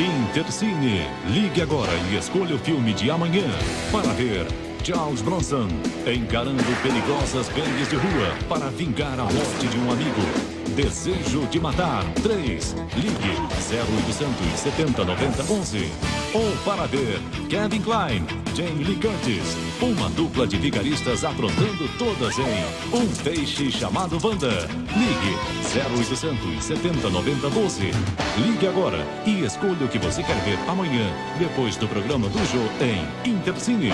Intercine. Ligue agora e escolha o filme de amanhã para ver. Charles Bronson encarando perigosas gangues de rua para vingar a morte de um amigo. Desejo de matar 3. Ligue 0800 70 90 11. Ou para ver Kevin Klein, Jamie Lee Curtis. Uma dupla de vigaristas aprontando todas em Um Peixe Chamado Wanda. Ligue 0800 70 90 12. Ligue agora e escolha o que você quer ver amanhã, depois do programa do Jô em Intercine.